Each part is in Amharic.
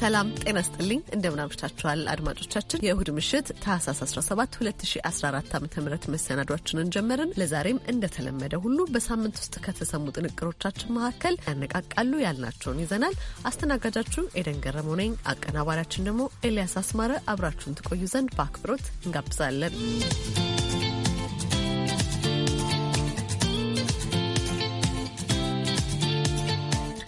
ሰላም ጤና ስጥልኝ። እንደምን አምሽታችኋል አድማጮቻችን። የእሁድ ምሽት ታህሳስ 17 2014 ዓ ም መሰናዷችንን ጀመርን። ለዛሬም እንደተለመደ ሁሉ በሳምንት ውስጥ ከተሰሙ ጥንቅሮቻችን መካከል ያነቃቃሉ ያልናቸውን ይዘናል። አስተናጋጃችሁ ኤደን ገረመው ነኝ። አቀናባሪያችን ደግሞ ኤልያስ አስማረ። አብራችሁን ትቆዩ ዘንድ በአክብሮት እንጋብዛለን።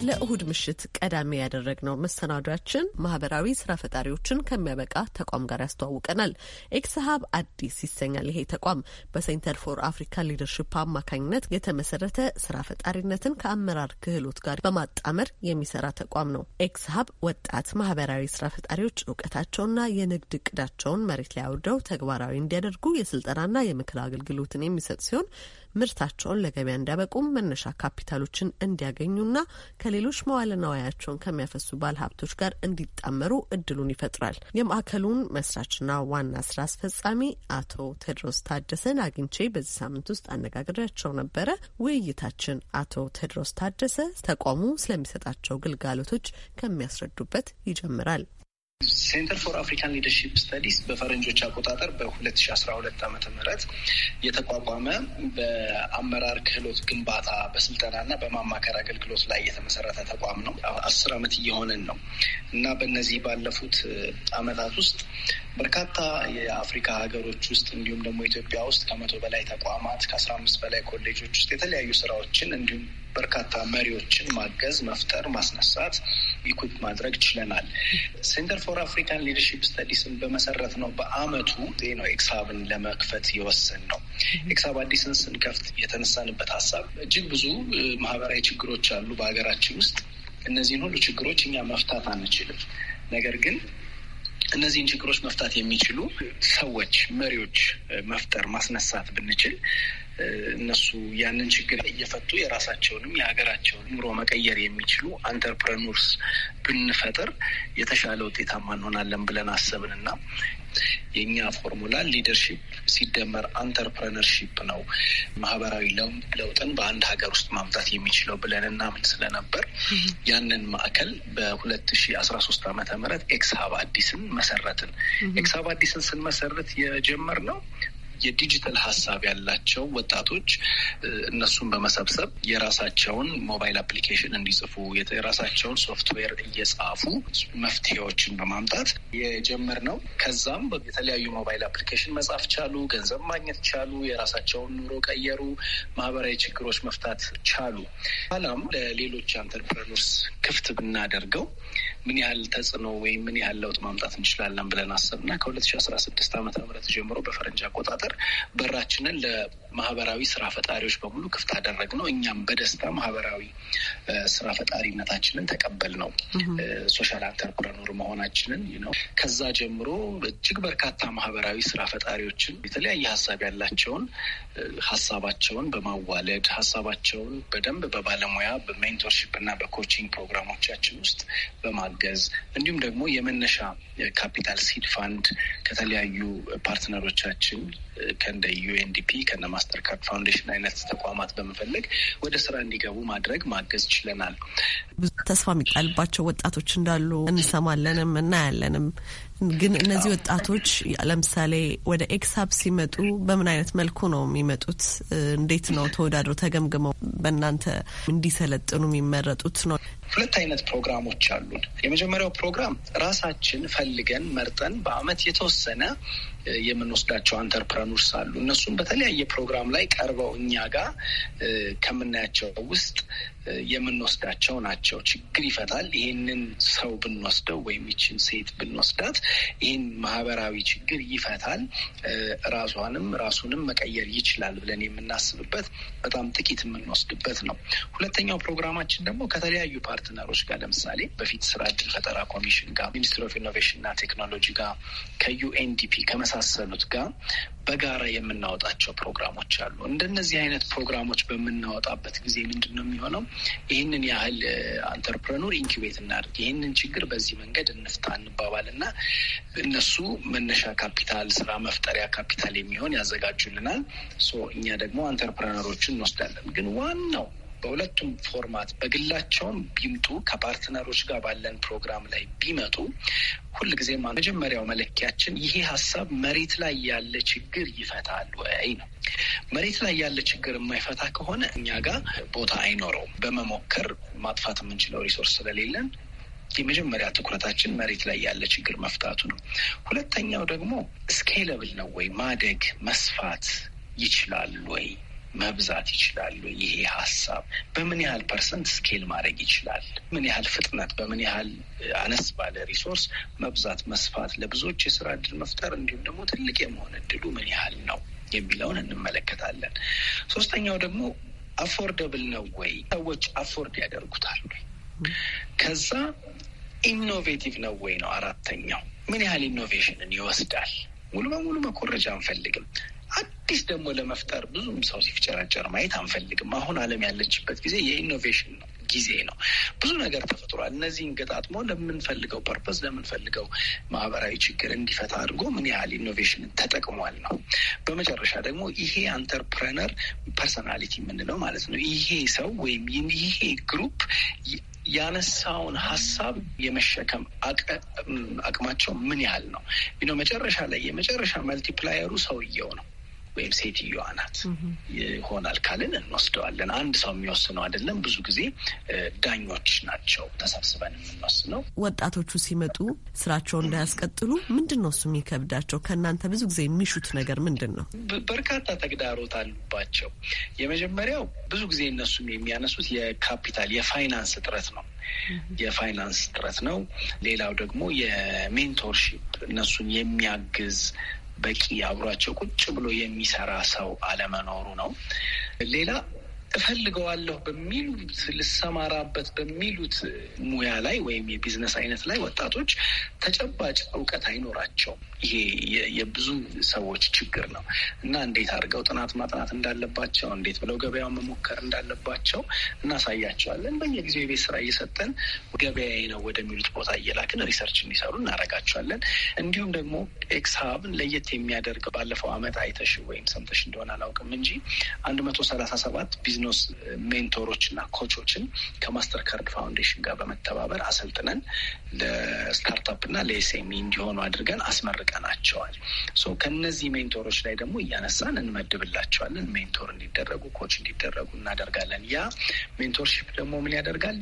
ለእሁድ ምሽት ቀዳሚ ያደረግነው መሰናዷችን ማህበራዊ ስራ ፈጣሪዎችን ከሚያበቃ ተቋም ጋር ያስተዋውቀናል። ኤክስሀብ አዲስ ይሰኛል። ይሄ ተቋም በሴንተር ፎር አፍሪካ ሊደርሽፕ አማካኝነት የተመሰረተ ስራ ፈጣሪነትን ከአመራር ክህሎት ጋር በማጣመር የሚሰራ ተቋም ነው። ኤክስሀብ ወጣት ማህበራዊ ስራ ፈጣሪዎች እውቀታቸውና የንግድ እቅዳቸውን መሬት ላይ አውርደው ተግባራዊ እንዲያደርጉ የስልጠናና የምክር አገልግሎትን የሚሰጥ ሲሆን ምርታቸውን ለገበያ እንዲያበቁም መነሻ ካፒታሎችን እንዲያገኙና ከሌሎች መዋለ ንዋያቸውን ከሚያፈሱ ባለ ሀብቶች ጋር እንዲጣመሩ እድሉን ይፈጥራል። የማዕከሉን መስራችና ዋና ስራ አስፈጻሚ አቶ ቴድሮስ ታደሰን አግኝቼ በዚህ ሳምንት ውስጥ አነጋግሬያቸው ነበረ። ውይይታችን አቶ ቴድሮስ ታደሰ ተቋሙ ስለሚሰጣቸው ግልጋሎቶች ከሚያስረዱበት ይጀምራል። ሴንተር ፎር አፍሪካን ሊደርሺፕ ስተዲስ በፈረንጆች አቆጣጠር በ2012 ዓ ም የተቋቋመ በአመራር ክህሎት ግንባታ በስልጠና ና በማማከር አገልግሎት ላይ የተመሰረተ ተቋም ነው። አስር ዓመት እየሆነን ነው እና በእነዚህ ባለፉት ዓመታት ውስጥ በርካታ የአፍሪካ ሀገሮች ውስጥ እንዲሁም ደግሞ ኢትዮጵያ ውስጥ ከመቶ በላይ ተቋማት ከአስራ አምስት በላይ ኮሌጆች ውስጥ የተለያዩ ስራዎችን እንዲሁም በርካታ መሪዎችን ማገዝ፣ መፍጠር፣ ማስነሳት፣ ኢኩፕ ማድረግ ችለናል። ሴንተር ፎር አፍሪካን ሊደርሺፕ ስተዲስን በመሰረት ነው በአመቱ ነው ኤክሳብን ለመክፈት የወሰን ነው። ኤክሳብ አዲስን ስንከፍት የተነሳንበት ሀሳብ እጅግ ብዙ ማህበራዊ ችግሮች አሉ በሀገራችን ውስጥ። እነዚህን ሁሉ ችግሮች እኛ መፍታት አንችልም። ነገር ግን እነዚህን ችግሮች መፍታት የሚችሉ ሰዎች፣ መሪዎች መፍጠር ማስነሳት ብንችል እነሱ ያንን ችግር እየፈቱ የራሳቸውንም የሀገራቸውን ኑሮ መቀየር የሚችሉ አንተርፕረኖርስ ብንፈጥር የተሻለ ውጤታማ እንሆናለን ብለን አሰብን እና የእኛ ፎርሙላ ሊደርሺፕ ሲደመር አንተርፕረነርሺፕ ነው ማህበራዊ ለውጥን በአንድ ሀገር ውስጥ ማምጣት የሚችለው ብለን እናምን ስለነበር ያንን ማዕከል በሁለት ሺ አስራ ሶስት አመተ ምህረት ኤክስ አዲስን መሰረትን። ኤክስ አዲስን አዲስን ስንመሰርት ነው። የዲጂታል ሀሳብ ያላቸው ወጣቶች እነሱን በመሰብሰብ የራሳቸውን ሞባይል አፕሊኬሽን እንዲጽፉ የራሳቸውን ሶፍትዌር እየጻፉ መፍትሄዎችን በማምጣት የጀመር ነው። ከዛም የተለያዩ ሞባይል አፕሊኬሽን መጻፍ ቻሉ፣ ገንዘብ ማግኘት ቻሉ፣ የራሳቸውን ኑሮ ቀየሩ፣ ማህበራዊ ችግሮች መፍታት ቻሉ። ኋላም ለሌሎች አንተርፕረኖርስ ክፍት ብናደርገው ምን ያህል ተጽዕኖ ወይም ምን ያህል ለውጥ ማምጣት እንችላለን ብለን አሰብና ከሁለት ሺ አስራ ስድስት ጀምሮ በፈረንጅ አቆጣጠር በራችንን ማህበራዊ ስራ ፈጣሪዎች በሙሉ ክፍት አደረግ ነው። እኛም በደስታ ማህበራዊ ስራ ፈጣሪነታችንን ተቀበል ነው። ሶሻል አንተርፕረኖር መሆናችንን ነው። ከዛ ጀምሮ እጅግ በርካታ ማህበራዊ ስራ ፈጣሪዎችን የተለያየ ሀሳብ ያላቸውን ሀሳባቸውን በማዋለድ ሀሳባቸውን በደንብ በባለሙያ በሜንቶርሺፕ እና በኮችንግ ፕሮግራሞቻችን ውስጥ በማገዝ እንዲሁም ደግሞ የመነሻ ካፒታል ሲድ ፋንድ ከተለያዩ ፓርትነሮቻችን ከእንደ ዩኤንዲፒ ከነማ ማስተር ፋውንዴሽን አይነት ተቋማት በመፈለግ ወደ ስራ እንዲገቡ ማድረግ ማገዝ ችለናል። ብዙ ተስፋ የሚጣልባቸው ወጣቶች እንዳሉ እንሰማለንም እናያለንም። ግን እነዚህ ወጣቶች ለምሳሌ ወደ ኤክሳብ ሲመጡ በምን አይነት መልኩ ነው የሚመጡት? እንዴት ነው ተወዳድሮ ተገምግመው በእናንተ እንዲሰለጥኑ የሚመረጡት ነው? ሁለት አይነት ፕሮግራሞች አሉን። የመጀመሪያው ፕሮግራም ራሳችን ፈልገን መርጠን በአመት የተወሰነ የምንወስዳቸው አንተርፕረኖርስ አሉ። እነሱም በተለያየ ፕሮግራም ላይ ቀርበው እኛ ጋር ከምናያቸው ውስጥ የምንወስዳቸው ናቸው። ችግር ይፈታል። ይህንን ሰው ብንወስደው ወይም ይችን ሴት ብንወስዳት ይህን ማህበራዊ ችግር ይፈታል፣ ራሷንም ራሱንም መቀየር ይችላል ብለን የምናስብበት በጣም ጥቂት የምንወስድበት ነው። ሁለተኛው ፕሮግራማችን ደግሞ ከተለያዩ ፓርትነሮች ጋር ለምሳሌ በፊት ስራ እድል ፈጠራ ኮሚሽን ጋር፣ ሚኒስትሪ ኦፍ ኢኖቬሽን እና ቴክኖሎጂ ጋር፣ ከዩኤንዲፒ ከመሳሰሉት ጋር በጋራ የምናወጣቸው ፕሮግራሞች አሉ። እንደነዚህ አይነት ፕሮግራሞች በምናወጣበት ጊዜ ምንድን ነው የሚሆነው? ይህንን ያህል አንተርፕረኖር ኢንኪቤት እናድርግ፣ ይህንን ችግር በዚህ መንገድ እንፍታ እንባባል እና እነሱ መነሻ ካፒታል፣ ስራ መፍጠሪያ ካፒታል የሚሆን ያዘጋጁልናል። እኛ ደግሞ አንተርፕረነሮችን እንወስዳለን። ግን ዋናው በሁለቱም ፎርማት በግላቸውም ቢምጡ ከፓርትነሮች ጋር ባለን ፕሮግራም ላይ ቢመጡ ሁልጊዜ መጀመሪያው መለኪያችን ይሄ ሀሳብ መሬት ላይ ያለ ችግር ይፈታል ወይ ነው። መሬት ላይ ያለ ችግር የማይፈታ ከሆነ እኛ ጋር ቦታ አይኖረውም። በመሞከር ማጥፋት የምንችለው ሪሶርስ ስለሌለን የመጀመሪያ ትኩረታችን መሬት ላይ ያለ ችግር መፍታቱ ነው። ሁለተኛው ደግሞ ስኬለብል ነው ወይ ማደግ መስፋት ይችላል ወይ መብዛት ይችላሉ? ይሄ ሀሳብ በምን ያህል ፐርሰንት ስኬል ማድረግ ይችላል? ምን ያህል ፍጥነት፣ በምን ያህል አነስ ባለ ሪሶርስ መብዛት፣ መስፋት፣ ለብዙዎች የስራ እድል መፍጠር እንዲሁም ደግሞ ትልቅ የመሆን እድሉ ምን ያህል ነው የሚለውን እንመለከታለን። ሶስተኛው ደግሞ አፎርደብል ነው ወይ? ሰዎች አፎርድ ያደርጉታል? ከዛ ኢኖቬቲቭ ነው ወይ ነው አራተኛው። ምን ያህል ኢኖቬሽንን ይወስዳል? ሙሉ በሙሉ መኮረጃ አንፈልግም። አዲስ ደግሞ ለመፍጠር ብዙም ሰው ሲፍጨረጨር ማየት አንፈልግም። አሁን ዓለም ያለችበት ጊዜ የኢኖቬሽን ነው ጊዜ ነው። ብዙ ነገር ተፈጥሯል። እነዚህን ገጣጥሞ ለምንፈልገው ፐርፖስ ለምንፈልገው ማህበራዊ ችግር እንዲፈታ አድርጎ ምን ያህል ኢኖቬሽን ተጠቅሟል ነው። በመጨረሻ ደግሞ ይሄ አንተርፕረነር ፐርሰናሊቲ የምንለው ማለት ነው። ይሄ ሰው ወይም ይሄ ግሩፕ ያነሳውን ሀሳብ የመሸከም አቅማቸው ምን ያህል ነው? መጨረሻ ላይ የመጨረሻ መልቲፕላየሩ ሰውየው ነው። ወይም ሴትዮዋ ናት ይሆናል ካልን እንወስደዋለን። አንድ ሰው የሚወስነው አይደለም። ብዙ ጊዜ ዳኞች ናቸው ተሰብስበን የምንወስነው። ወጣቶቹ ሲመጡ ስራቸውን እንዳያስቀጥሉ ምንድን ነው እሱ የሚከብዳቸው? ከእናንተ ብዙ ጊዜ የሚሹት ነገር ምንድን ነው? በርካታ ተግዳሮት አሉባቸው። የመጀመሪያው ብዙ ጊዜ እነሱም የሚያነሱት የካፒታል የፋይናንስ እጥረት ነው የፋይናንስ እጥረት ነው። ሌላው ደግሞ የሜንቶርሺፕ እነሱን የሚያግዝ በቂ አብሯቸው ቁጭ ብሎ የሚሰራ ሰው አለመኖሩ ነው። ሌላ እፈልገዋለሁ በሚሉት ልሰማራበት በሚሉት ሙያ ላይ ወይም የቢዝነስ አይነት ላይ ወጣቶች ተጨባጭ እውቀት አይኖራቸውም። ይሄ የብዙ ሰዎች ችግር ነው እና እንዴት አድርገው ጥናት ማጥናት እንዳለባቸው እንዴት ብለው ገበያውን መሞከር እንዳለባቸው እናሳያቸዋለን። በየጊዜው የቤት ስራ እየሰጠን ገበያዬ ነው ወደሚሉት ቦታ እየላክን ሪሰርች እንዲሰሩ እናደርጋቸዋለን። እንዲሁም ደግሞ ኤክስ ለየት የሚያደርገው ባለፈው ዓመት አይተሽ ወይም ሰምተሽ እንደሆነ አላውቅም እንጂ አንድ መቶ ሰላሳ ሰባት ቢዝነስ ሜንቶሮች እና ኮቾችን ከማስተር ካርድ ፋውንዴሽን ጋር በመተባበር አሰልጥነን ለስታርታፕ እና ለኤስኤምኢ እንዲሆኑ አድርገን አስመርቀ ይሰጠናቸዋል። ከነዚህ ሜንቶሮች ላይ ደግሞ እያነሳን እንመድብላቸዋለን። ሜንቶር እንዲደረጉ፣ ኮች እንዲደረጉ እናደርጋለን። ያ ሜንቶርሺፕ ደግሞ ምን ያደርጋል?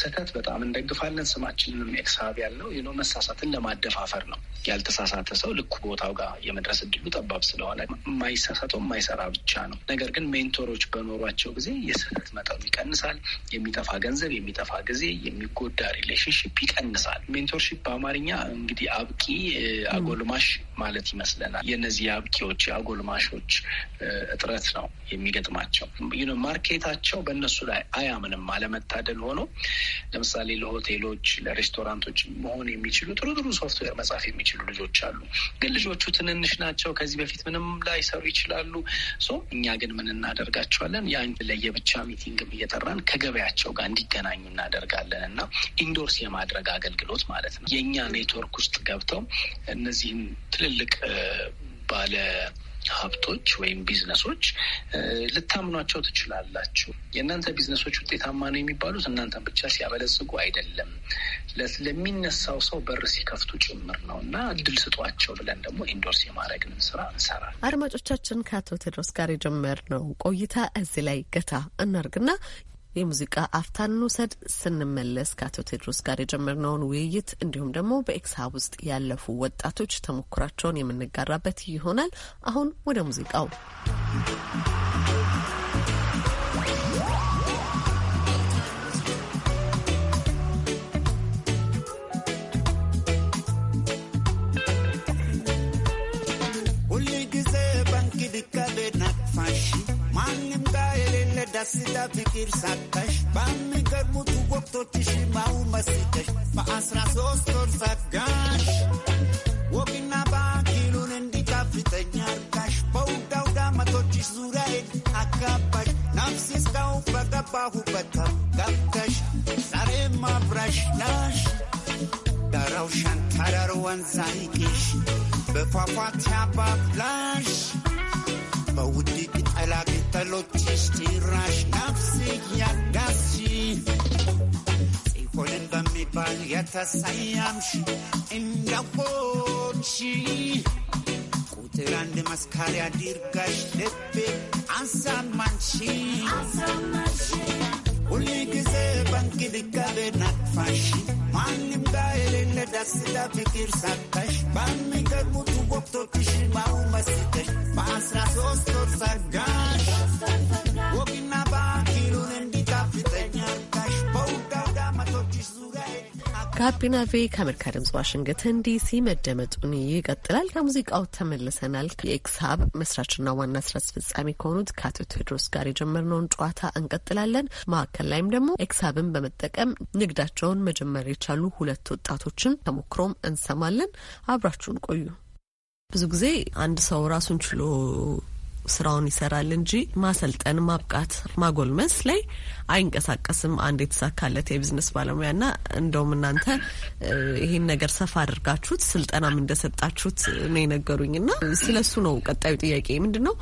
ስህተት በጣም እንደግፋለን። ስማችንንም ኤክሳብ ያለው ነው መሳሳትን ለማደፋፈር ነው። ያልተሳሳተ ሰው ልኩ ቦታው ጋር የመድረስ እድሉ ጠባብ ስለሆነ የማይሳሳተው የማይሰራ ብቻ ነው። ነገር ግን ሜንቶሮች በኖሯቸው ጊዜ የስህተት መጠኑ ይቀንሳል። የሚጠፋ ገንዘብ፣ የሚጠፋ ጊዜ፣ የሚጎዳ ሪሌሽንሽፕ ይቀንሳል። ሜንቶርሺፕ በአማርኛ እንግዲህ አብቂ አጎ አጎልማሽ ማለት ይመስለናል። የእነዚህ አብቂዎች የአጎልማሾች እጥረት ነው የሚገጥማቸው። ማርኬታቸው በእነሱ ላይ አያምንም። አለመታደል ሆኖ ለምሳሌ ለሆቴሎች፣ ለሬስቶራንቶች መሆን የሚችሉ ጥሩ ጥሩ ሶፍትዌር መጻፍ የሚችሉ ልጆች አሉ። ግን ልጆቹ ትንንሽ ናቸው። ከዚህ በፊት ምንም ላይሰሩ ይችላሉ። እኛ ግን ምን እናደርጋቸዋለን? ያን ለየብቻ ሚቲንግ እየጠራን ከገበያቸው ጋር እንዲገናኙ እናደርጋለን እና ኢንዶርስ የማድረግ አገልግሎት ማለት ነው። የእኛ ኔትወርክ ውስጥ ገብተው እነዚህ እነዚህም ትልልቅ ባለ ሀብቶች ወይም ቢዝነሶች ልታምኗቸው ትችላላችሁ። የእናንተ ቢዝነሶች ውጤታማ ነው የሚባሉት እናንተን ብቻ ሲያበለጽጉ አይደለም፣ ለሚነሳው ሰው በር ሲከፍቱ ጭምር ነው እና እድል ስጧቸው ብለን ደግሞ ኢንዶርስ የማድረግን ስራ እንሰራል። አድማጮቻችን ከአቶ ቴድሮስ ጋር የጀመርነው ቆይታ እዚህ ላይ ገታ እናርግና የሙዚቃ አፍታን እንውሰድ። ስንመለስ ከአቶ ቴድሮስ ጋር የጀመርነውን ውይይት እንዲሁም ደግሞ በኤክስሀብ ውስጥ ያለፉ ወጣቶች ተሞክራቸውን የምንጋራበት ይሆናል። አሁን ወደ ሙዚቃው Cadena ማንም ጋር የሌለ ደስታ ፍቅር ሳጣሽ በሚገርሙት ወቅቶችሽ ማው መስጠሽ በአስራ ሶስት ወር ዘጋሽ ወግና ባኪሉን እንዲጣፍጠኝ አርጋሽ በውዳውዳ መቶችሽ ዙሪያዬን አካባሽ ነፍሴ እስካው በገባሁበት ገብተሽ ዛሬም አብራሽ ናሽ ዳራው ሻንታረር ወንዝ በፏፏቴ አባብላሽ በውድ ቅጠላቅጠሎችሽ ጭራሽ ነፍስ እያጋሲ ጽዮን በሚባል የተሰየምሽ እንደቆች ቁጥር አንድ መስካሪ አድርጋሽ ልቤ አሳማንሽ ሁል ጊዜ በእንክብካቤ ናቅፋሽ ማንም ጋር የሌለ ደስታ ፍቅር ሳታሽ በሚገርሙት ወቅቶችሽ በአሁን በስተሽ በአስራ ሶስት ወር ሰጋሽ ጋቢና ቬ ከአሜሪካ ድምጽ ዋሽንግተን ዲሲ መደመጡን ይቀጥላል። ከሙዚቃው ተመልሰናል። የኤክስሀብ መስራችና ዋና ስራ አስፈጻሚ ከሆኑት ከአቶ ቴድሮስ ጋር የጀመርነውን ጨዋታ እንቀጥላለን። ማዕከል ላይም ደግሞ ኤክስሀብን በመጠቀም ንግዳቸውን መጀመር የቻሉ ሁለት ወጣቶችን ተሞክሮም እንሰማለን። አብራችሁን ቆዩ። ብዙ ጊዜ አንድ ሰው ራሱን ችሎ ስራውን ይሰራል እንጂ ማሰልጠን፣ ማብቃት፣ ማጎልመስ ላይ አይንቀሳቀስም። አንድ የተሳካለት የቢዝነስ ባለሙያና እንደውም እናንተ ይህን ነገር ሰፋ አድርጋችሁት ስልጠናም እንደሰጣችሁት ነው የነገሩኝ ና ስለ እሱ ነው ቀጣዩ ጥያቄ ምንድን ነው።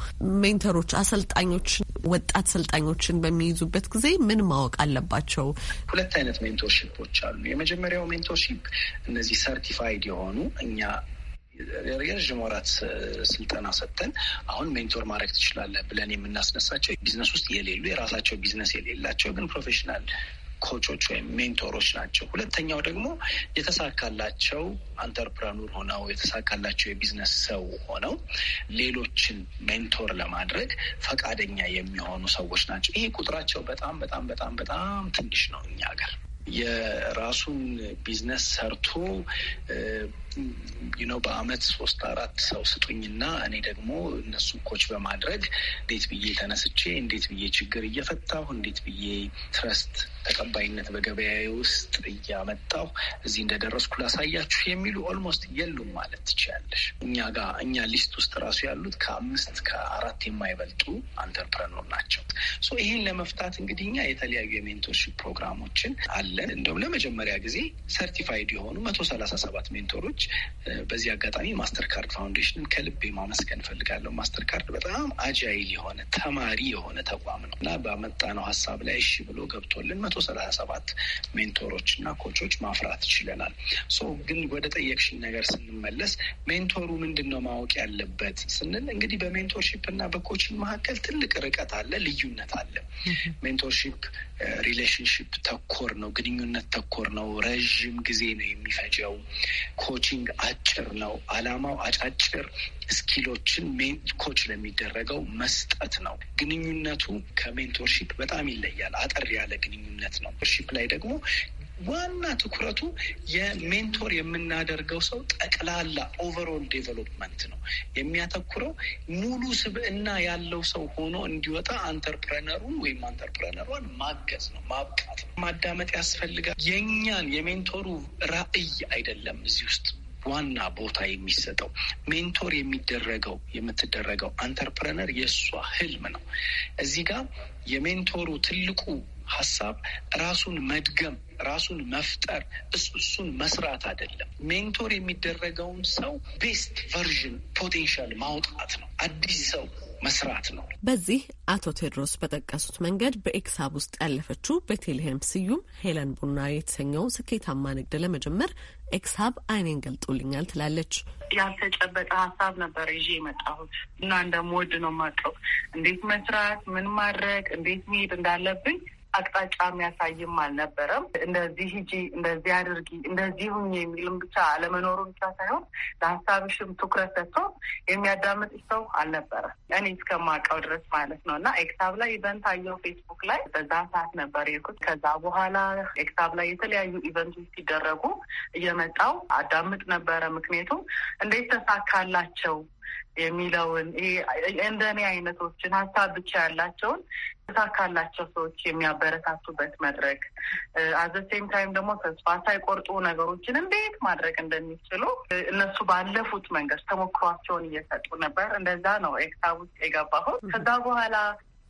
ሜንተሮች፣ አሰልጣኞች ወጣት ሰልጣኞችን በሚይዙበት ጊዜ ምን ማወቅ አለባቸው? ሁለት አይነት ሜንቶርሽፖች አሉ። የመጀመሪያው ሜንቶርሽፕ እነዚህ ሰርቲፋይድ የሆኑ እኛ የረዥም ወራት ስልጠና ሰጥተን አሁን ሜንቶር ማድረግ ትችላለህ ብለን የምናስነሳቸው ቢዝነስ ውስጥ የሌሉ የራሳቸው ቢዝነስ የሌላቸው ግን ፕሮፌሽናል ኮቾች ወይም ሜንቶሮች ናቸው። ሁለተኛው ደግሞ የተሳካላቸው አንተርፕረኑር ሆነው የተሳካላቸው የቢዝነስ ሰው ሆነው ሌሎችን ሜንቶር ለማድረግ ፈቃደኛ የሚሆኑ ሰዎች ናቸው። ይሄ ቁጥራቸው በጣም በጣም በጣም በጣም ትንሽ ነው እኛ ሀገር የራሱን ቢዝነስ ሰርቶ ነው በአመት ሶስት አራት ሰው ስጡኝና እኔ ደግሞ እነሱ ኮች በማድረግ እንዴት ብዬ ተነስቼ እንዴት ብዬ ችግር እየፈታሁ እንዴት ብዬ ትረስት ተቀባይነት በገበያ ውስጥ እያመጣሁ እዚህ እንደደረስኩ ላሳያችሁ የሚሉ ኦልሞስት የሉም ማለት ትችላለሽ። እኛ ጋር እኛ ሊስት ውስጥ ራሱ ያሉት ከአምስት ከአራት የማይበልጡ አንተርፕረኖር ናቸው። ይህን ለመፍታት እንግዲህ እኛ የተለያዩ የሜንቶርሺፕ ፕሮግራሞችን አለ አለን። እንደውም ለመጀመሪያ ጊዜ ሰርቲፋይድ የሆኑ መቶ ሰላሳ ሰባት ሜንቶሮች በዚህ አጋጣሚ ማስተር ካርድ ፋውንዴሽንን ከልቤ ማመስገን ፈልጋለሁ። ማስተር ካርድ በጣም አጃይል የሆነ ተማሪ የሆነ ተቋም ነው እና በመጣነው ሀሳብ ላይ እሺ ብሎ ገብቶልን መቶ ሰላሳ ሰባት ሜንቶሮች እና ኮቾች ማፍራት ችለናል። ግን ወደ ጠየቅሽን ነገር ስንመለስ ሜንቶሩ ምንድን ነው ማወቅ ያለበት ስንል እንግዲህ በሜንቶርሺፕ እና በኮችን መካከል ትልቅ ርቀት አለ፣ ልዩነት አለ። ሜንቶርሺፕ ሪሌሽንሽፕ ተኮር ነው፣ ግን ግንኙነት ተኮር ነው። ረዥም ጊዜ ነው የሚፈጀው። ኮቺንግ አጭር ነው። አላማው አጫጭር ስኪሎችን ኮች ለሚደረገው መስጠት ነው። ግንኙነቱ ከሜንቶርሺፕ በጣም ይለያል። አጠር ያለ ግንኙነት ነው። ሺፕ ላይ ደግሞ ዋና ትኩረቱ የሜንቶር የምናደርገው ሰው ጠቅላላ ኦቨሮል ዴቨሎፕመንት ነው የሚያተኩረው። ሙሉ ስብዕና ያለው ሰው ሆኖ እንዲወጣ አንተርፕረነሩን ወይም አንተርፕረነሯን ማገዝ ነው፣ ማብቃት ነው። ማዳመጥ ያስፈልጋል። የእኛን የሜንቶሩ ራዕይ አይደለም እዚህ ውስጥ ዋና ቦታ የሚሰጠው ሜንቶር የሚደረገው የምትደረገው አንተርፕረነር የእሷ ህልም ነው። እዚህ ጋር የሜንቶሩ ትልቁ ሀሳብ ራሱን መድገም፣ ራሱን መፍጠር፣ እሱን መስራት አይደለም። ሜንቶር የሚደረገውን ሰው ቤስት ቨርዥን ፖቴንሻል ማውጣት ነው። አዲስ ሰው መስራት ነው። በዚህ አቶ ቴድሮስ በጠቀሱት መንገድ በኤክሳብ ውስጥ ያለፈችው ቤቴልሄም ስዩም ሄለን ቡና የተሰኘው ስኬታማ ንግድ ለመጀመር ኤክሳብ አይኔን ገልጦልኛል ትላለች። ያልተጨበጠ ሀሳብ ነበር ይዤ የመጣሁት እና እንደምወድ ነው የማውቀው። እንዴት መስራት፣ ምን ማድረግ፣ እንዴት መሄድ እንዳለብኝ አቅጣጫ የሚያሳይም አልነበረም። እንደዚህ ሂጂ፣ እንደዚህ አድርጊ፣ እንደዚህ ሁኝ የሚልም ብቻ አለመኖሩ ብቻ ሳይሆን ለሀሳብሽም ትኩረት ሰጥቶ የሚያዳምጥ ሰው አልነበረም እኔ እስከማውቀው ድረስ ማለት ነው። እና ኤክሳብ ላይ ኢቨንት ፌስቡክ ላይ በዛ ሰዓት ነበር የሄድኩት። ከዛ በኋላ ኤክሳብ ላይ የተለያዩ ኢቨንቶች ሲደረጉ እየመጣው አዳምጥ ነበረ። ምክንያቱም እንዴት ተሳካላቸው የሚለውን ይሄ እንደኔ አይነቶችን ሀሳብ ብቻ ያላቸውን ካላቸው ሰዎች የሚያበረታቱበት መድረክ፣ አዘሴም ታይም ደግሞ ተስፋ ሳይቆርጡ ነገሮችን እንዴት ማድረግ እንደሚችሉ እነሱ ባለፉት መንገድ ተሞክሯቸውን እየሰጡ ነበር። እንደዛ ነው ኤክታ ውስጥ የገባሁት። ከዛ በኋላ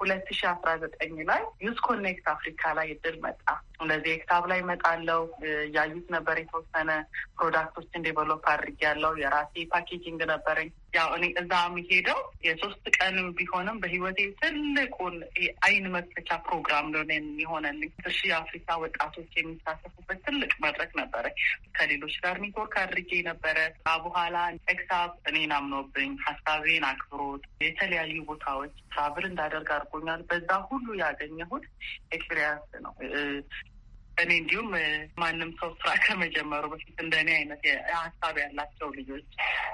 ሁለት ሺ አስራ ዘጠኝ ላይ ዩስ ኮኔክት አፍሪካ ላይ እድል መጣ። እንደዚህ ኤክታብ ላይ መጣለው ያዩት ነበር። የተወሰነ ፕሮዳክቶችን ዴቨሎፕ አድርጌያለሁ። የራሴ ፓኬጂንግ ነበረኝ። ያው እኔ እዛ የሚሄደው የሶስት ቀን ቢሆንም በህይወቴ ትልቁን የአይን መክፈቻ ፕሮግራም ሆነ የሆነልኝ እሺ የአፍሪካ ወጣቶች የሚሳተፉበት ትልቅ መድረክ ነበረ። ከሌሎች ጋር ኔትወርክ አድርጌ ነበረ። በኋላ ኤክሳብ እኔን አምኖብኝ ሀሳቤን አክብሮት የተለያዩ ቦታዎች ትራቭል እንዳደርግ አድርጎኛል። በዛ ሁሉ ያገኘሁት ኤክስፔሪያንስ ነው። እኔ እንዲሁም ማንም ሰው ስራ ከመጀመሩ በፊት እንደኔ አይነት ሀሳብ ያላቸው ልጆች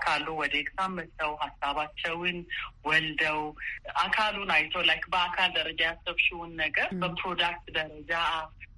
ካሉ ወደ ኤግዛም መጥተው ሀሳባቸውን ወልደው አካሉን አይቶ ላይክ በአካል ደረጃ ያሰብሽውን ነገር በፕሮዳክት ደረጃ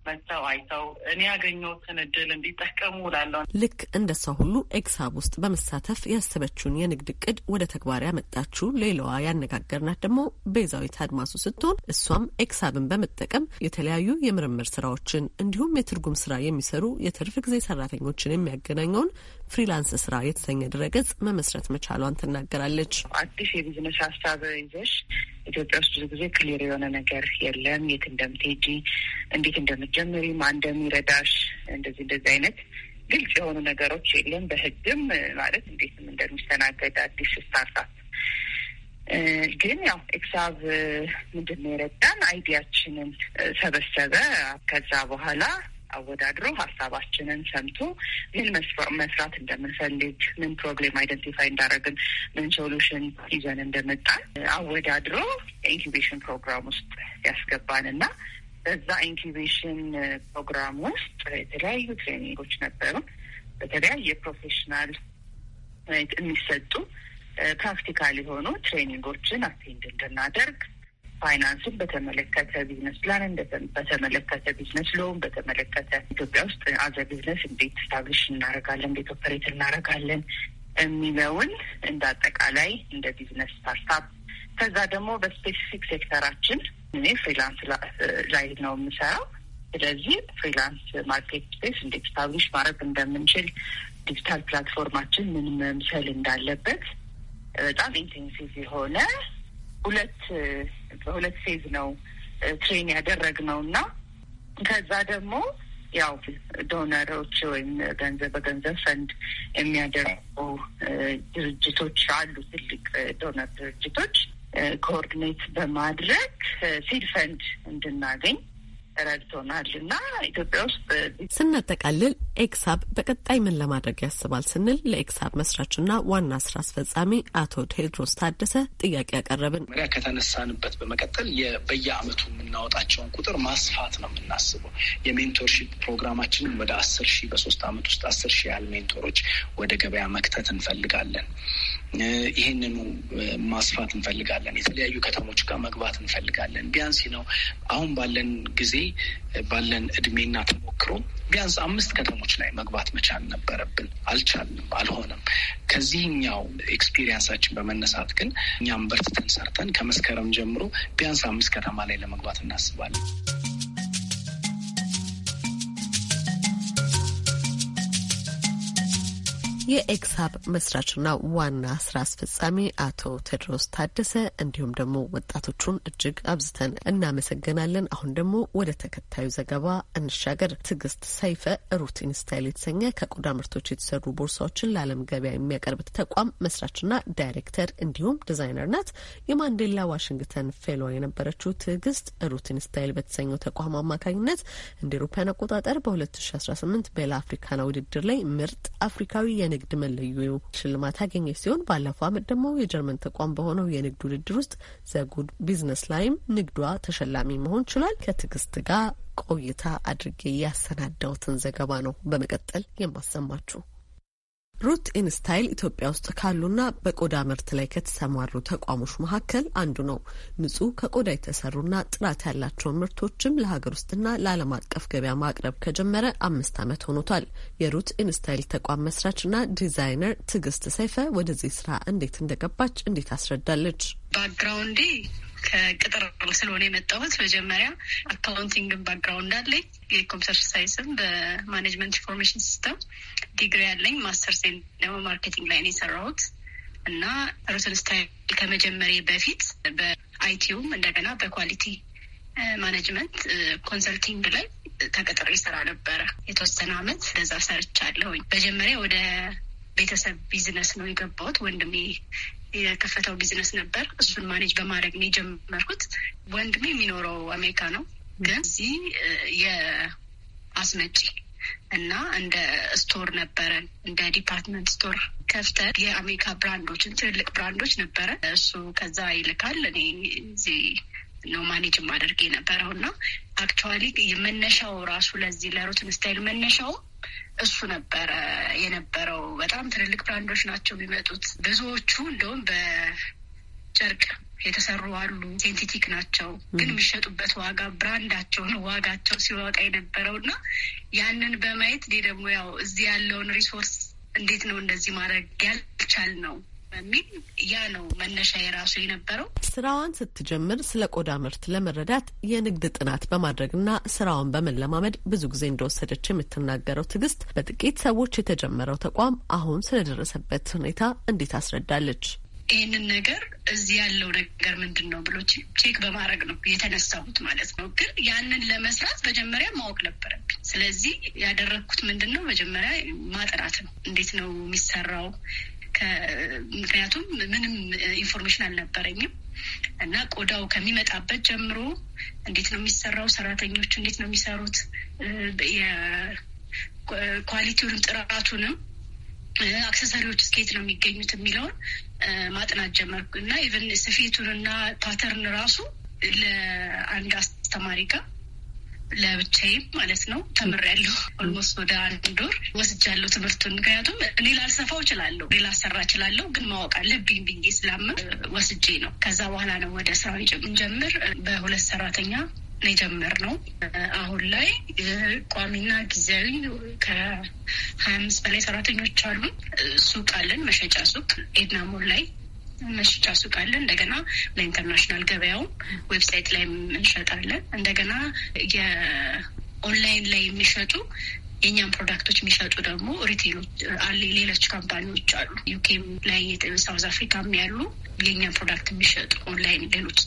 መጥተው አይተው እኔ ያገኘሁትን እድል እንዲጠቀሙ እላለሁ። ልክ እንደ ሰው ሁሉ ኤግሳብ ውስጥ በመሳተፍ ያሰበችውን የንግድ እቅድ ወደ ተግባር ያመጣችው ሌላዋ ያነጋገርናት ደግሞ ቤዛዊት አድማሱ ስትሆን እሷም ኤግሳብን በመጠቀም የተለያዩ የምርምር ስራዎችን እንዲሁም የትርጉም ስራ የሚሰሩ የትርፍ ጊዜ ሰራተኞችን የሚያገናኘውን ፍሪላንስ ስራ የተሰኘ ድረገጽ መመስረት መቻሏን ትናገራለች። አዲስ የቢዝነስ ሀሳብ ይዘሽ ኢትዮጵያ ውስጥ ብዙ ጊዜ ክሊር የሆነ ነገር የለም። የት እንደምትሄጂ፣ እንዴት እንደምትጀምሪ፣ ማን እንደሚረዳሽ፣ እንደዚህ እንደዚህ አይነት ግልጽ የሆኑ ነገሮች የለም። በህግም ማለት እንዴትም እንደሚስተናገድ አዲስ ስታርታፕ ግን ያው ኤክሳብ ምንድን ነው የረዳን አይዲያችንን ሰበሰበ። ከዛ በኋላ አወዳድሮ ሀሳባችንን ሰምቶ ምን መስራት እንደምንፈልግ ምን ፕሮብሌም አይደንቲፋይ እንዳደረግን ምን ሶሉሽን ይዘን እንደመጣን አወዳድሮ ኢንኩቤሽን ፕሮግራም ውስጥ ያስገባን እና በዛ ኢንኩቤሽን ፕሮግራም ውስጥ የተለያዩ ትሬኒንጎች ነበሩ። በተለያየ ፕሮፌሽናል የሚሰጡ ፕራክቲካል የሆኑ ትሬኒንጎችን አቴንድ እንድናደርግ ፋይናንስን በተመለከተ ቢዝነስ ፕላንን በተመለከተ ቢዝነስ ሎን በተመለከተ ኢትዮጵያ ውስጥ አዘ ቢዝነስ እንዴት ስታብሊሽ እናደርጋለን፣ እንዴት ኦፐሬት እናደርጋለን የሚለውን እንደ አጠቃላይ እንደ ቢዝነስ ስታርታፕ ከዛ ደግሞ በስፔሲፊክ ሴክተራችን እኔ ፍሪላንስ ላይ ነው የምሰራው። ስለዚህ ፍሪላንስ ማርኬት ስፔስ እንዴት ስታብሊሽ ማድረግ እንደምንችል ዲጂታል ፕላትፎርማችን ምን መምሰል እንዳለበት በጣም ኢንቴንሲቭ የሆነ ሁለት በሁለት ፌዝ ነው ትሬን ያደረግ ነው እና ከዛ ደግሞ ያው ዶነሮች ወይም ገንዘብ በገንዘብ ፈንድ የሚያደርጉ ድርጅቶች አሉ። ትልቅ ዶነር ድርጅቶች ኮኦርዲኔት በማድረግ ሲድ ፈንድ እንድናገኝ ረድቶናል እና ኢትዮጵያ ውስጥ ስናጠቃልል ኤክሳብ በቀጣይ ምን ለማድረግ ያስባል ስንል ለኤክሳብ መስራችና ዋና ስራ አስፈጻሚ አቶ ቴድሮስ ታደሰ ጥያቄ ያቀረብን መሪያ ከተነሳንበት በመቀጠል በየአመቱ የምናወጣቸውን ቁጥር ማስፋት ነው የምናስበው። የሜንቶርሺፕ ፕሮግራማችን ወደ አስር ሺህ በሶስት አመት ውስጥ አስር ሺህ ያህል ሜንቶሮች ወደ ገበያ መክተት እንፈልጋለን። ይህንኑ ማስፋት እንፈልጋለን። የተለያዩ ከተሞች ጋር መግባት እንፈልጋለን። ቢያንስ ነው አሁን ባለን ጊዜ ባለን እድሜና ተሞክሮ ቢያንስ አምስት ከተሞች ላይ መግባት መቻል ነበረብን። አልቻልንም፣ አልሆነም። ከዚህኛው ኤክስፒሪየንሳችን በመነሳት ግን እኛም በርትተን ሰርተን ከመስከረም ጀምሮ ቢያንስ አምስት ከተማ ላይ ለመግባት እናስባለን። የኤክስሀብ መስራችና ዋና ስራ አስፈጻሚ አቶ ቴድሮስ ታደሰ እንዲሁም ደግሞ ወጣቶቹን እጅግ አብዝተን እናመሰግናለን። አሁን ደግሞ ወደ ተከታዩ ዘገባ እንሻገር። ትዕግስት ሰይፈ ሩቲን ስታይል የተሰኘ ከቆዳ ምርቶች የተሰሩ ቦርሳዎችን ለዓለም ገበያ የሚያቀርብ ተቋም መስራችና ዳይሬክተር እንዲሁም ዲዛይነር ናት። የማንዴላ ዋሽንግተን ፌሎ የነበረችው ትዕግስት ሩቲን ስታይል በተሰኘው ተቋም አማካኝነት እንደ አውሮፓውያን አቆጣጠር በ2018 ቤላ አፍሪካና ውድድር ላይ ምርጥ አፍሪካዊ የነ የንግድ መለዮ ሽልማት ያገኘች ሲሆን ባለፈው አመት ደግሞ የጀርመን ተቋም በሆነው የንግድ ውድድር ውስጥ ዘጉድ ቢዝነስ ላይም ንግዷ ተሸላሚ መሆን ችሏል። ከትዕግስት ጋር ቆይታ አድርጌ ያሰናዳውትን ዘገባ ነው በመቀጠል የማሰማችሁ። ሩት ኢንስታይል ኢትዮጵያ ውስጥ ካሉና በቆዳ ምርት ላይ ከተሰማሩ ተቋሞች መካከል አንዱ ነው። ንጹህ ከቆዳ የተሰሩና ጥራት ያላቸውን ምርቶችም ለሀገር ውስጥና ለዓለም አቀፍ ገበያ ማቅረብ ከጀመረ አምስት ዓመት ሆኖቷል። የሩት ኢንስታይል ተቋም መስራችና ዲዛይነር ትዕግስት ሰይፈ ወደዚህ ስራ እንዴት እንደገባች እንዴት አስረዳለች። ባክግራውንዴ ከቅጥር ስለሆነ የመጣሁት መጀመሪያ አካውንቲንግን ባክግራውንድ አለኝ። የኮምፒተር ሳይንስም በማኔጅመንት ኢንፎርሜሽን ሲስተም ዲግሪ ያለኝ፣ ማስተር ደግሞ ማርኬቲንግ ላይ ነው የሰራሁት እና ሮትን ስታይል ከመጀመሪ በፊት በአይቲውም እንደገና በኳሊቲ ማኔጅመንት ኮንሰልቲንግ ላይ ተቀጥሬ ይሰራ ነበረ የተወሰነ አመት። ለዛ ሰርቻለሁኝ። መጀመሪያ ወደ ቤተሰብ ቢዝነስ ነው የገባሁት። ወንድሜ የከፈተው ቢዝነስ ነበር። እሱን ማኔጅ በማድረግ ነው የጀመርኩት። ወንድሜ የሚኖረው አሜሪካ ነው፣ ግን እዚህ የአስመጪ እና እንደ ስቶር ነበረን እንደ ዲፓርትመንት ስቶር ከፍተን የአሜሪካ ብራንዶችን ትልልቅ ብራንዶች ነበረ። እሱ ከዛ ይልካል፣ እኔ እዚህ ነው ማኔጅ ማደርግ የነበረው እና አክቹዋሊ መነሻው ራሱ ለዚህ ለሩትን ስታይል መነሻው እሱ ነበረ የነበረው። በጣም ትልልቅ ብራንዶች ናቸው የሚመጡት። ብዙዎቹ እንደውም በጨርቅ የተሰሩ አሉ። ሴንቲቲክ ናቸው ግን የሚሸጡበት ዋጋ ብራንዳቸው ነው ዋጋቸው ሲወጣ የነበረው እና ያንን በማየት እኔ ደግሞ ያው እዚህ ያለውን ሪሶርስ እንዴት ነው እንደዚህ ማድረግ ያልቻል ነው በሚል ያ ነው መነሻ የራሱ የነበረው። ስራዋን ስትጀምር ስለ ቆዳ ምርት ለመረዳት የንግድ ጥናት በማድረግና ስራዋን በመለማመድ ብዙ ጊዜ እንደወሰደች የምትናገረው ትዕግስት በጥቂት ሰዎች የተጀመረው ተቋም አሁን ስለደረሰበት ሁኔታ እንዴት አስረዳለች። ይህንን ነገር እዚህ ያለው ነገር ምንድን ነው ብሎ ቼክ በማድረግ ነው የተነሳሁት ማለት ነው። ግን ያንን ለመስራት መጀመሪያ ማወቅ ነበረብኝ። ስለዚህ ያደረግኩት ምንድን ነው መጀመሪያ ማጥናት ነው። እንዴት ነው የሚሰራው ምክንያቱም ምንም ኢንፎርሜሽን አልነበረኝም እና ቆዳው ከሚመጣበት ጀምሮ እንዴት ነው የሚሰራው፣ ሰራተኞቹ እንዴት ነው የሚሰሩት፣ የኳሊቲውንም ጥራቱንም አክሰሰሪዎች እስከየት ነው የሚገኙት የሚለውን ማጥናት ጀመርኩ እና ኢቨን ስፌቱንና ፓተርን ራሱ ለአንድ አስተማሪ ጋር ለብቻዬም ማለት ነው ተምሬያለሁ። ኦልሞስት ወደ አንድ ወር ወስጃለሁ ትምህርቱን። ምክንያቱም እኔ ላልሰፋው እችላለሁ፣ እኔ ላሰራ እችላለሁ፣ ግን ማወቅ አለብኝ ብዬ ስላምን ወስጄ ነው። ከዛ በኋላ ነው ወደ ስራ ጀምር በሁለት ሰራተኛ ነው አሁን ላይ ቋሚና ጊዜያዊ ከሀያ አምስት በላይ ሰራተኞች አሉ። ሱቅ አለን፣ መሸጫ ሱቅ ኤድናሞል ላይ መሸጫ ሱቅ አለ። እንደገና ለኢንተርናሽናል ገበያውም ዌብሳይት ላይ እንሸጣለን። እንደገና የኦንላይን ላይ የሚሸጡ የእኛም ፕሮዳክቶች የሚሸጡ ደግሞ ሪቴሎች ሌሎች ካምፓኒዎች አሉ። ዩኬም ላይ ሳውዝ አፍሪካም ያሉ የእኛም ፕሮዳክት የሚሸጡ ኦንላይን ሌሎች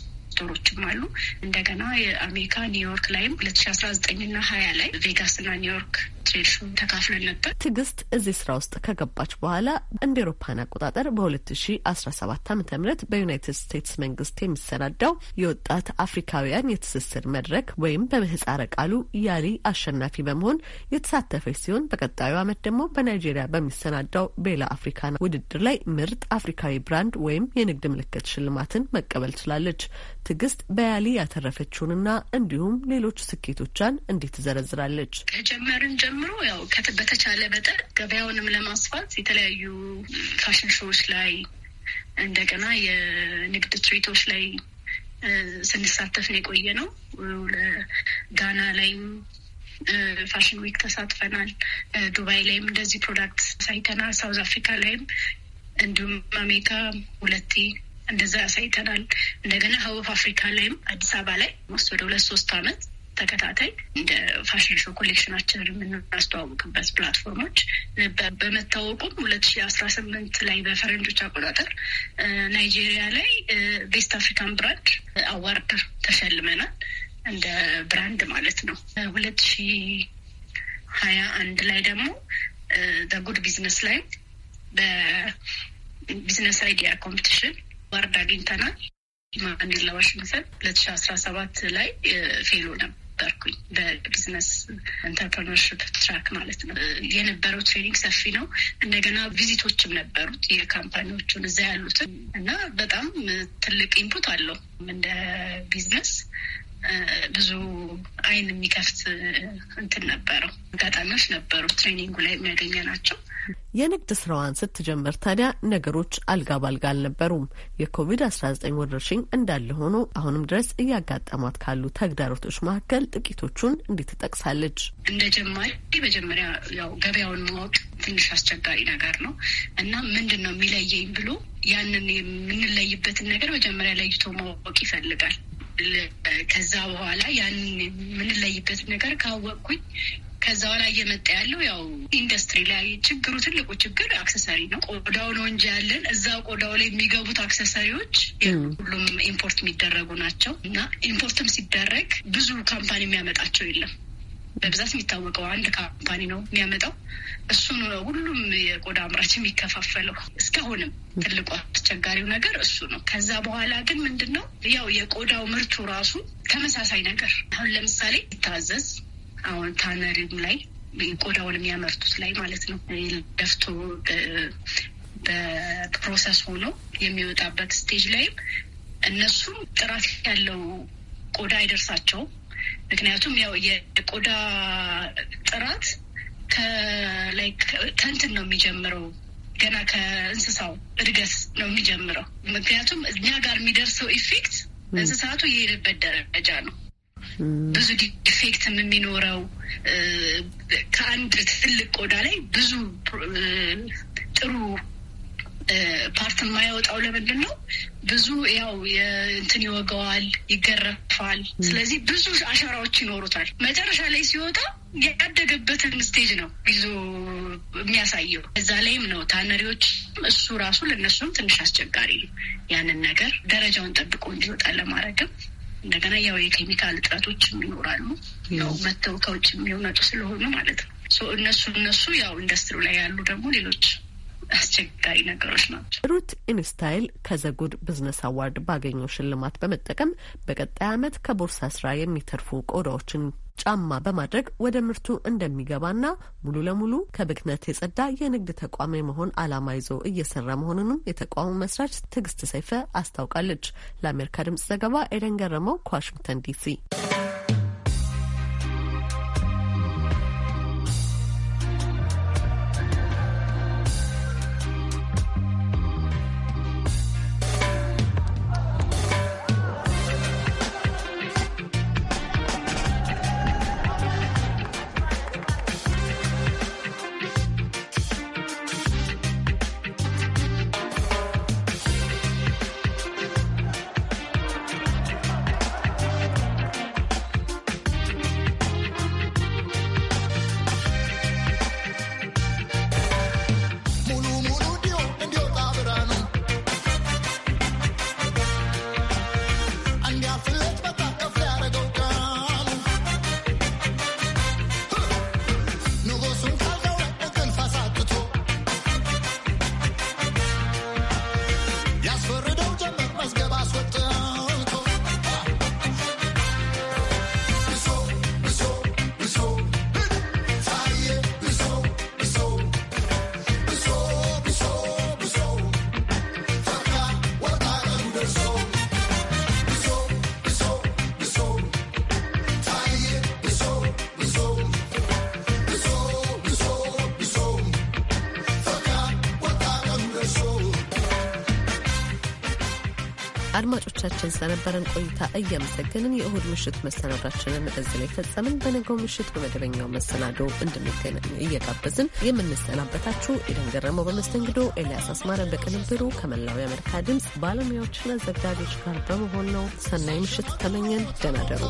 ኢንቨስተሮችም አሉ። እንደገና የአሜሪካ ኒውዮርክ ላይም ሁለት ሺ አስራ ዘጠኝ ና ሀያ ላይ ቬጋስ ና ኒውዮርክ ትሬድሾ ተካፍለን ነበር። ትዕግስት እዚህ ስራ ውስጥ ከገባች በኋላ እንደ ኤሮፓን አቆጣጠር በሁለት ሺ አስራ ሰባት አመተ ምህረት በዩናይትድ ስቴትስ መንግስት የሚሰናዳው የወጣት አፍሪካውያን የትስስር መድረክ ወይም በምህፃረ ቃሉ ያሊ አሸናፊ በመሆን የተሳተፈች ሲሆን በቀጣዩ ዓመት ደግሞ በናይጄሪያ በሚሰናዳው ቤላ አፍሪካ ውድድር ላይ ምርጥ አፍሪካዊ ብራንድ ወይም የንግድ ምልክት ሽልማትን መቀበል ችላለች። ትዕግስት በያሌ ያተረፈችውንና እንዲሁም ሌሎች ስኬቶቿን እንዴት ትዘረዝራለች? ከጀመርን ጀምሮ ያው በተቻለ መጠን ገበያውንም ለማስፋት የተለያዩ ፋሽን ሾዎች ላይ እንደገና የንግድ ትርኢቶች ላይ ስንሳተፍ ነው የቆየ ነው። ጋና ላይም ፋሽን ዊክ ተሳትፈናል። ዱባይ ላይም እንደዚህ ፕሮዳክት ሳይተናል። ሳውዝ አፍሪካ ላይም እንዲሁም አሜሪካ ሁለቴ እንደዛ ያሳይተናል። እንደገና ሀወፍ አፍሪካ ላይም አዲስ አበባ ላይ ስ ወደ ሁለት ሶስት አመት ተከታታይ እንደ ፋሽን ሾው ኮሌክሽናችን የምናስተዋውቅበት ፕላትፎርሞች በመታወቁም ሁለት ሺ አስራ ስምንት ላይ በፈረንጆች አቆጣጠር ናይጄሪያ ላይ ቤስት አፍሪካን ብራንድ አዋርድ ተሸልመናል። እንደ ብራንድ ማለት ነው። ሁለት ሺ ሀያ አንድ ላይ ደግሞ በጉድ ቢዝነስ ላይ በቢዝነስ አይዲያ ኮምፒቲሽን ዋርድ አግኝተናል። ማንዴላ ዋሽንግተን ሁለት ሺ አስራ ሰባት ላይ ፌሎ ነበርኩኝ በቢዝነስ ኢንተርፕርነርሽፕ ትራክ ማለት ነው። የነበረው ትሬኒንግ ሰፊ ነው። እንደገና ቪዚቶችም ነበሩት የካምፓኒዎቹን እዛ ያሉትን እና በጣም ትልቅ ኢንፑት አለው እንደ ቢዝነስ ብዙ አይን የሚከፍት እንትን ነበረው። አጋጣሚዎች ነበሩ ትሬኒንጉ ላይ የሚያገኘ ናቸው። የንግድ ስራዋን ስትጀምር ታዲያ ነገሮች አልጋ ባልጋ አልነበሩም። የኮቪድ-19 ወረርሽኝ እንዳለ ሆኖ አሁንም ድረስ እያጋጠሟት ካሉ ተግዳሮቶች መካከል ጥቂቶቹን እንዴት ትጠቅሳለች? እንደ ጀማሪ መጀመሪያ ያው ገበያውን ማወቅ ትንሽ አስቸጋሪ ነገር ነው እና ምንድን ነው የሚለየኝ ብሎ ያንን የምንለይበትን ነገር መጀመሪያ ለይቶ ማወቅ ይፈልጋል። ከዛ በኋላ ያንን የምንለይበት ነገር ካወቅኩኝ ከዛ ላይ እየመጣ ያለው ያው ኢንዱስትሪ ላይ ችግሩ ትልቁ ችግር አክሰሰሪ ነው። ቆዳው ነው እንጂ ያለን እዛ ቆዳው ላይ የሚገቡት አክሰሰሪዎች ሁሉም ኢምፖርት የሚደረጉ ናቸው እና ኢምፖርትም ሲደረግ ብዙ ካምፓኒ የሚያመጣቸው የለም። በብዛት የሚታወቀው አንድ ካምፓኒ ነው የሚያመጣው። እሱ ነው ሁሉም የቆዳ አምራች የሚከፋፈለው። እስካሁንም ትልቁ አስቸጋሪው ነገር እሱ ነው። ከዛ በኋላ ግን ምንድን ነው ያው የቆዳው ምርቱ ራሱ ተመሳሳይ ነገር አሁን ለምሳሌ ይታዘዝ አሁን ታነሪም ላይ ቆዳውን የሚያመርቱት ላይ ማለት ነው ለፍቶ በፕሮሰስ ሆኖ የሚወጣበት ስቴጅ ላይም እነሱም ጥራት ያለው ቆዳ አይደርሳቸውም። ምክንያቱም ያው የቆዳ ጥራት ከንትን ነው የሚጀምረው ገና ከእንስሳው እድገት ነው የሚጀምረው። ምክንያቱም እኛ ጋር የሚደርሰው ኢፌክት እንስሳቱ የሄደበት ደረጃ ነው። ብዙ ዲፌክትም የሚኖረው ከአንድ ትልቅ ቆዳ ላይ ብዙ ጥሩ ፓርት የማያወጣው ለምንድን ነው? ብዙ ያው እንትን ይወገዋል፣ ይገረፋል። ስለዚህ ብዙ አሻራዎች ይኖሩታል። መጨረሻ ላይ ሲወጣ ያደገበትን ስቴጅ ነው ይዞ የሚያሳየው። እዛ ላይም ነው ታነሪዎች እሱ ራሱ ለእነሱም ትንሽ አስቸጋሪ ነው። ያንን ነገር ደረጃውን ጠብቆ እንዲወጣ ለማድረግም እንደገና ያው የኬሚካል እጥረቶችም ይኖራሉ። ያው መተው ከውጭ የሚሆነጡ ስለሆኑ ማለት ነው። እነሱ እነሱ ያው ኢንዱስትሪው ላይ ያሉ ደግሞ ሌሎች አስቸጋሪ ነገሮች ናቸው። ሩት ኢንስታይል ከዘጉድ ብዝነስ አዋርድ ባገኘው ሽልማት በመጠቀም በቀጣይ ዓመት ከቦርሳ ስራ የሚተርፉ ቆዳዎችን ጫማ በማድረግ ወደ ምርቱ እንደሚገባና ሙሉ ለሙሉ ከብክነት የጸዳ የንግድ ተቋም የመሆን ዓላማ ይዞ እየሰራ መሆኑንም የተቋሙ መስራች ትዕግስት ሰይፈ አስታውቃለች። ለአሜሪካ ድምጽ ዘገባ ኤደን ገረመው ከዋሽንግተን ዲሲ አድማጮቻችን ስለነበረን ቆይታ እያመሰገንን የእሁድ ምሽት መሰናዷችንን እዚህ ላይ ፈጸምን። በነገው ምሽት በመደበኛው መሰናዶ እንድንገናኝ እየጋበዝን የምንሰናበታችሁ ኤደን ገረመው በመስተንግዶ፣ ኤልያስ አስማረ በቅንብሩ ከመላው የአሜሪካ ድምፅ ባለሙያዎችና ዘጋቢዎች ጋር በመሆን ነው። ሰናይ ምሽት ተመኘን። ደናደሩ